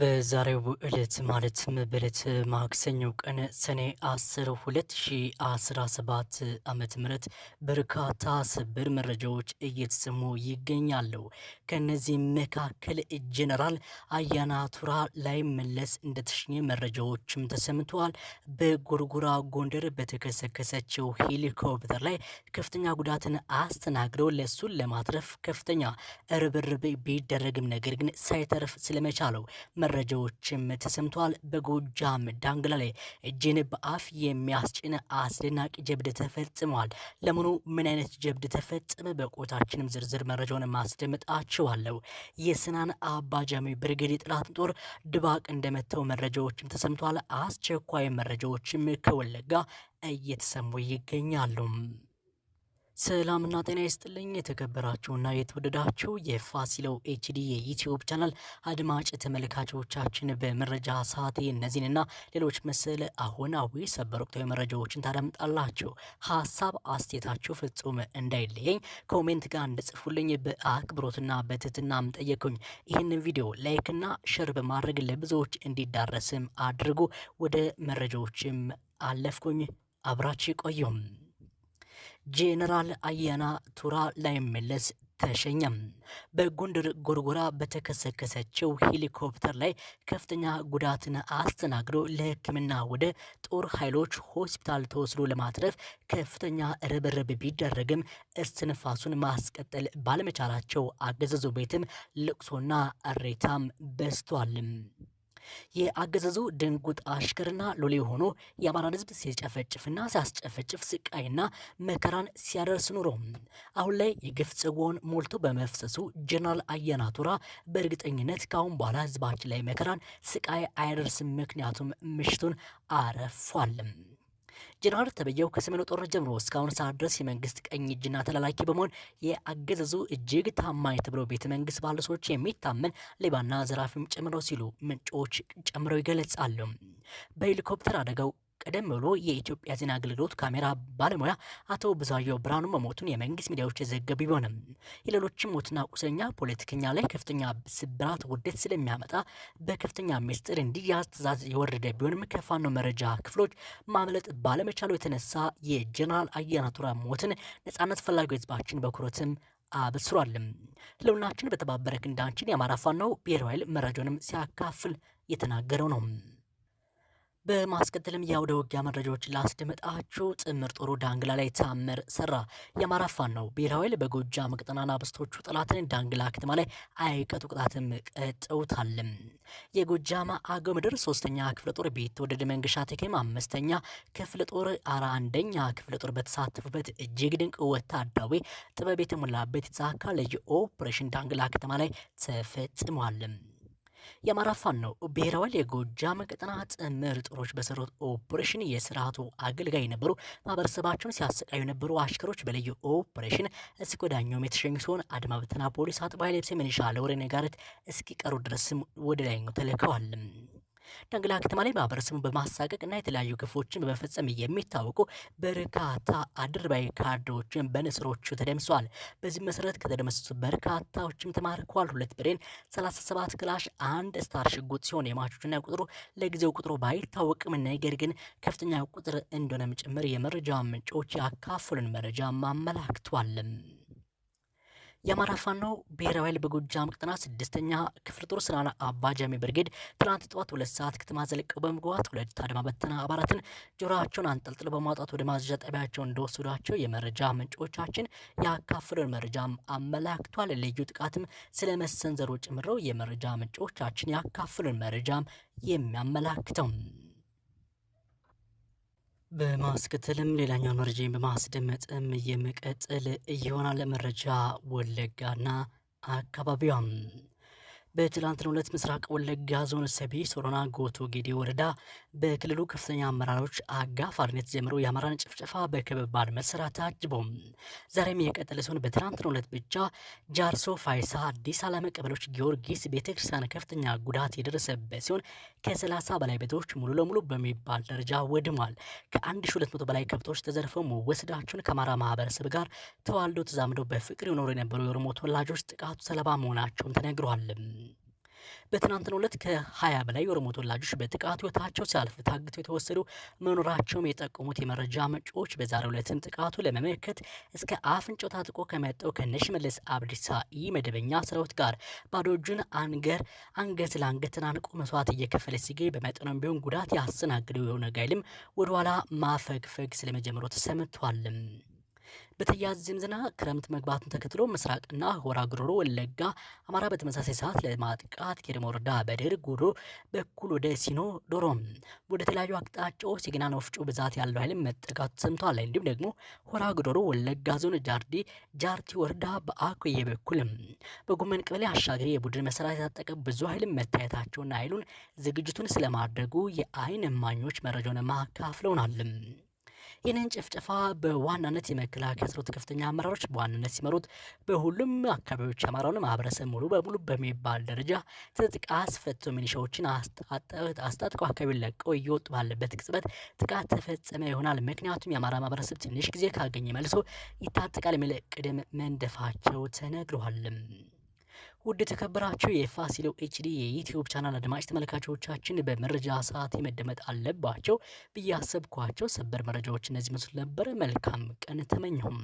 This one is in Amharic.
በዛሬው ዕለት ማለትም በዕለት ማክሰኞ ቀን ሰኔ 10 2017 ዓመተ ምህረት በርካታ ሰበር መረጃዎች እየተሰሙ ይገኛሉ። ከነዚህ መካከል ጄኔራል አያና ቱራ መለስ እንደተሸኘ መረጃዎችም ተሰምተዋል። በጎርጎራ ጎንደር በተከሰከሰችው ሄሊኮፕተር ላይ ከፍተኛ ጉዳትን አስተናግደው ለሱን ለማትረፍ ከፍተኛ ርብርብ ቢደረግም ነገር ግን ሳይተርፍ ስለመቻለው መረጃዎችም ተሰምተዋል። በጎጃም ዳንግላ ላይ እጅን በአፍ የሚያስጭን አስደናቂ ጀብድ ተፈጽመዋል። ለመሆኑ ምን አይነት ጀብድ ተፈጸመ? በቆታችንም ዝርዝር መረጃውን ማስደምጣችኋለሁ። የስናን አባጃሚ ብርጌድ የጥላትን ጦር ድባቅ እንደመተው መረጃዎችም ተሰምተዋል። አስቸኳይ መረጃዎችም ከወለጋ እየተሰሙ ይገኛሉ። ሰላምና ጤና ይስጥልኝ የተከበራችሁና የተወደዳችሁ የፋሲለው ኤችዲ የዩትዩብ ቻናል አድማጭ ተመልካቾቻችን፣ በመረጃ ሰዓቴ እነዚህንና ሌሎች መሰል አሁናዊ ሰበር ወቅታዊ መረጃዎችን ታዳምጣላችሁ። ሀሳብ አስቴታችሁ ፍጹም እንዳይለየኝ ኮሜንት ጋር እንድጽፉልኝ በአክብሮትና በትህትናም ጠየቁኝ። ይህንን ቪዲዮ ላይክና ሸር በማድረግ ለብዙዎች እንዲዳረስም አድርጉ። ወደ መረጃዎችም አለፍኩኝ። አብራችሁ ቆዩም ጄኔራል አያና ቱራ ላይመለስ ተሸኘም። በጎንደር ጎርጎራ በተከሰከሰችው ሄሊኮፕተር ላይ ከፍተኛ ጉዳትን አስተናግዶ ለሕክምና ወደ ጦር ኃይሎች ሆስፒታል ተወስዶ ለማትረፍ ከፍተኛ ርብርብ ቢደረግም እስትንፋሱን ማስቀጠል ባለመቻላቸው አገዘዞ ቤትም ልቅሶና እሬታም በዝቷልም። የአገዛዙ ድንጉጥ አሽከርና ሎሌ ሆኖ የአማራን ህዝብ ሲጨፈጭፍና ሲያስጨፈጭፍ ስቃይና መከራን ሲያደርስ ኑሮ አሁን ላይ የግፍ ጽዋውን ሞልቶ በመፍሰሱ ጀነራል አያና ቱራ በእርግጠኝነት ከአሁን በኋላ ህዝባችን ላይ መከራን ስቃይ አያደርስም። ምክንያቱም ምሽቱን አረፏልም። ጀነራል ተበየው ከሰሜኑ ጦር ጀምሮ እስካሁን ሰዓት ድረስ የመንግስት ቀኝ እጅና ተላላኪ በመሆን የአገዛዙ እጅግ ታማኝ ተብሎ ቤተ መንግስት ባሉ የሚታመን ሌባና ዘራፊም ጨምረው ሲሉ ምንጮች ጨምረው ይገለጻሉ። በሄሊኮፕተር አደጋው ቀደም ብሎ የኢትዮጵያ ዜና አገልግሎት ካሜራ ባለሙያ አቶ ብዛየው ብርሃኑ መሞቱን የመንግስት ሚዲያዎች የዘገቡ ቢሆንም የሌሎችም ሞትና ቁስለኛ ፖለቲከኛ ላይ ከፍተኛ ስብራት ውርደት ስለሚያመጣ በከፍተኛ ምስጢር እንዲያዝ ትዕዛዝ የወረደ ቢሆንም ከፋኖ መረጃ ክፍሎች ማምለጥ ባለመቻሉ የተነሳ የጀነራል አያና ቱራ ሞትን ነጻነት ፈላጊ ህዝባችን በኩሮትም አብስሯልም። ህልውናችን በተባበረ ክንዳችን የአማራ ፋኖ ብሔራዊ ኃይል መረጃውንም ሲያካፍል የተናገረው ነው። በማስከተልም የአውደ ውጊያ መረጃዎችን ላስደምጣችሁ። ጥምር ጦሩ ዳንግላ ላይ ታምር ሰራ። የአማራ ፋኖ ነው ብሔራዊ ኃይል በጎጃም ቀጠናና በስቶቹ ጠላትን ዳንግላ ከተማ ላይ አይቀጡ ቅጣትም ቀጠውታል። የጎጃም አገው ምድር ሶስተኛ ክፍለ ጦር ቤት ቢትወደድ መንገሻ ተከም አምስተኛ ክፍለ ጦር አራ አንደኛ ክፍለ ጦር በተሳተፉበት እጅግ ድንቅ ወታደራዊ ጥበብ የተሞላበት የተሳካ ልዩ ኦፕሬሽን ዳንግላ ከተማ ላይ ተፈጽሟል። የአማራ ፋኖ ብሔራዊ የጎጃም ቀጠና ጥምር ጦሮች በሰሩት ኦፕሬሽን የስርዓቱ አገልጋይ የነበሩ ማህበረሰባቸውን ሲያሰቃዩ የነበሩ አሽከሮች በልዩ ኦፕሬሽን እስከ ወዳኛውም የተሸኙ ሲሆን አድማ ብተና ፖሊስ አጥባይ ልብስ የምንሻ ለወሬ ነጋሪት እስኪቀሩ ድረስም ወደ ላይኛው ተልከዋል። ዳንግላ ከተማ ላይ ማህበረሰቡን በማሳቀቅ እና የተለያዩ ግፎችን በመፈጸም የሚታወቁ በርካታ አድርባይ ካድሬዎችን በንስሮቹ ተደምሰዋል። በዚህ መሰረት ከተደመሰሱ በርካታዎችም ተማርከዋል። ሁለት ብሬን፣ 37 ክላሽ፣ አንድ ስታር ሽጉጥ ሲሆን የማቾችና ቁጥሩ ለጊዜው ቁጥሩ ባይታወቅም ነገር ግን ከፍተኛ ቁጥር እንደሆነም ጭምር የመረጃ ምንጮች ያካፉልን መረጃ ማመላክቷልም። የአማራ ፋኖ ብሔራዊ ኃይል በጎጃም ቅጥና ስድስተኛ ክፍለ ጦር ስናና አባጃሚ ብርጌድ ትናንት ጠዋት ሁለት ሰዓት ከተማ ዘለቀው በመግባት ሁለት አድማ በተና አባላትን ጆሮቸውን አንጠልጥሎ በማውጣት ወደ ማዘዣ ጠቢያቸው እንደወሰዷቸው የመረጃ ምንጮቻችን ያካፍሉን መረጃም አመላክቷል። ልዩ ጥቃትም ስለ መሰንዘሮ ጭምረው የመረጃ ምንጮቻችን ያካፍሉን መረጃም የሚያመላክተው በማስከተልም ሌላኛው መረጃን በማስደመጥም የመቀጠል ይሆናል። መረጃ ወለጋና አካባቢዋም በትላንትናው ዕለት ምስራቅ ወለጋ ዞን ሰቢ ሶሮና ጎቶ ጌዴ ወረዳ በክልሉ ከፍተኛ አመራሮች አጋፋሪነት ጀምሮ የአማራን ጭፍጨፋ በከበባድ አድመት ታጅቦም ዛሬም የቀጠለ ሲሆን በትላንትናው ዕለት ብቻ ጃርሶ፣ ፋይሳ፣ አዲስ አላመ ቀበሎች ጊዮርጊስ ቤተክርስቲያን ከፍተኛ ጉዳት የደረሰበት ሲሆን ከሰላሳ በላይ ቤቶች ሙሉ ለሙሉ በሚባል ደረጃ ወድሟል። ከ1200 በላይ ከብቶች ተዘርፈው መወሰዳቸውን ከአማራ ማህበረሰብ ጋር ተዋልዶ ተዛምደው በፍቅር የኖሩ የነበሩ የኦሮሞ ተወላጆች ጥቃቱ ሰለባ መሆናቸውን ተነግሯል። በትናንትናው ዕለት ከሀያ በላይ የኦሮሞ ተወላጆች በጥቃት ህይወታቸው ሲያልፍ ታግተው የተወሰዱ መኖራቸውም የጠቆሙት የመረጃ ምንጮች በዛሬው ዕለትም ጥቃቱ ለመመከት እስከ አፍንጫው ታጥቆ ከመጣው ከሽመልስ አብዲሳ ኢ መደበኛ ሰራዊት ጋር ባዶ እጁን አንገር አንገት ለአንገት ተናንቆ መስዋዕት እየከፈለ ሲገኝ በመጠኑም ቢሆን ጉዳት ያስተናግደው የሆነ ጋይልም ወደኋላ ማፈግፈግ ስለመጀመሩ ተሰምቷልም። በተያያዘ ዜና ክረምት መግባቱን ተከትሎ ምስራቅና ሆራ ጉሮሮ ወለጋ፣ አማራ በተመሳሳይ ሰዓት ለማጥቃት ኬደማ ወረዳ በድር ጉሮ በኩል ወደ ሲኖ ዶሮም ወደ ተለያዩ አቅጣጫዎች የገናን ወፍጮ ብዛት ያለው ኃይል መጠቃቱ ሰምቷል። እንዲሁም ደግሞ ሆራ ጉሮሮ ወለጋ ዞን ጃርዲ ጃርቲ ወረዳ በአኩዬ በኩልም በጎመን ቀበሌ አሻገሬ የቡድን መሳሪያ የታጠቀ ብዙ ኃይል መታየታቸውና ኃይሉን ዝግጅቱን ስለማድረጉ የአይን እማኞች መረጃውን ማካፍለውናል። ይህንን ጭፍጨፋ በዋናነት የመከላከያ ሰራዊት ከፍተኛ አመራሮች በዋናነት ሲመሩት፣ በሁሉም አካባቢዎች የአማራውን ማህበረሰብ ሙሉ በሙሉ በሚባል ደረጃ ትጥቅ አስፈቶ ሚኒሻዎችን አስታጥቀው አካባቢ ለቀው እየወጡ ባለበት ቅጽበት ጥቃት ተፈጸመ ይሆናል። ምክንያቱም የአማራ ማህበረሰብ ትንሽ ጊዜ ካገኘ መልሶ ይታጠቃል የሚል ቅድም መንደፋቸው ተነግረዋልም። ውድ የተከበራችሁ የፋሲሎ ኤችዲ የዩትዩብ ቻናል አድማጭ ተመልካቾቻችን በመረጃ ሰዓት መደመጥ አለባቸው ብዬ አሰብኳቸው ሰበር መረጃዎች እነዚህ መስሉ ነበረ። መልካም ቀን ተመኘሁም።